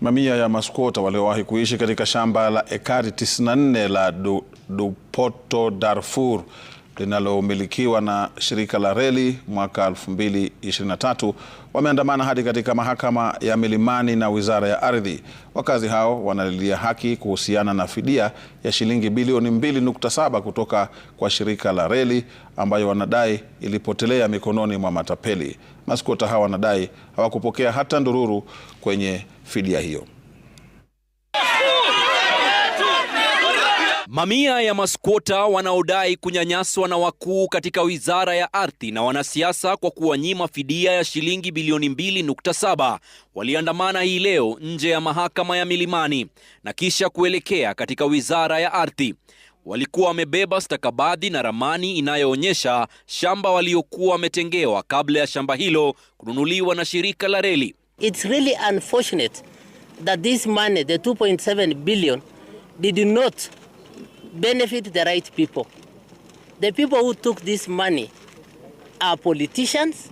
Mamia ya maskwota waliowahi kuishi katika shamba la ekari 94 la Dupoto Darfur linalomilikiwa na shirika la reli mwaka 2023 wameandamana hadi katika mahakama ya Milimani na wizara ya ardhi. Wakazi hao wanalilia haki kuhusiana na fidia ya shilingi bilioni 2.7 kutoka kwa shirika la reli ambayo wanadai ilipotelea mikononi mwa matapeli. Maskota hao wanadai hawakupokea hata ndururu kwenye fidia hiyo. Mamia ya maskwota wanaodai kunyanyaswa na wakuu katika wizara ya ardhi na wanasiasa kwa kuwanyima fidia ya shilingi bilioni 2.7 waliandamana hii leo nje ya mahakama ya Milimani na kisha kuelekea katika wizara ya ardhi. Walikuwa wamebeba stakabadhi na ramani inayoonyesha shamba waliokuwa wametengewa kabla ya shamba hilo kununuliwa na shirika la reli. It's really unfortunate that this money, the 2.7 billion, did not benefit the right people. The people who took this money are politicians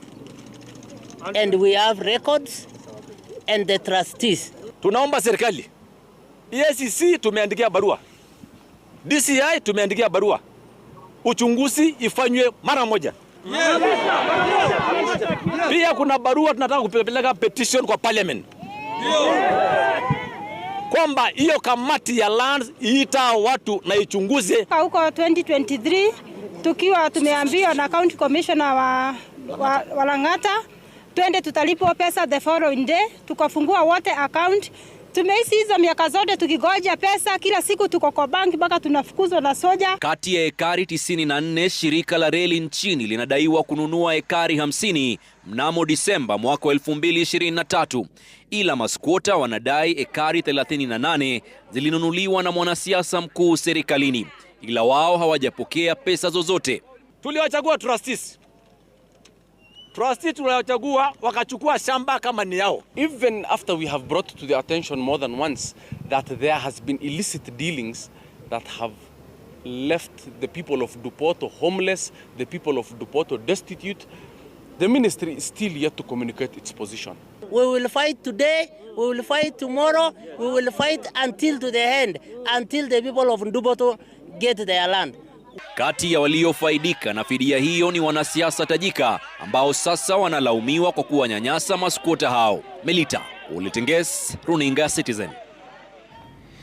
and we have records and the trustees. Tunaomba serikali EACC, tumeandikia barua DCI, tumeandikia barua, uchunguzi ifanywe mara moja. Pia kuna barua tunataka kupeleka petition kwa parliament kwamba hiyo kamati ya land iita watu na ichunguze huko 2023 tukiwa tumeambiwa na county commissioner wa, wa, wa Lang'ata twende tutalipwa pesa the following day tukafungua wote account Tumeishi hizo miaka zote tukigoja pesa, kila siku tuko kwa banki mpaka tunafukuzwa na soja. Kati ya ekari 94 shirika la reli nchini linadaiwa kununua ekari 50 mnamo Disemba mwaka 2023, ila maskuota wanadai ekari 38 zilinunuliwa na mwanasiasa mkuu serikalini, ila wao hawajapokea pesa zozote. Tuliwachagua trustees Trustee tunayochagua wakachukua shamba kama ni yao. Even after we have brought to the attention more than once that there has been illicit dealings that have left the people of Dupoto homeless, the people of Dupoto destitute, the ministry is still yet to communicate its position. We will fight today, we will fight tomorrow, we will fight until to the end, until the people of Dupoto get their land. Kati ya waliofaidika na fidia hiyo ni wanasiasa tajika ambao sasa wanalaumiwa kwa kuwanyanyasa maskota hao. Melita Ulitenges, Runinga Citizen.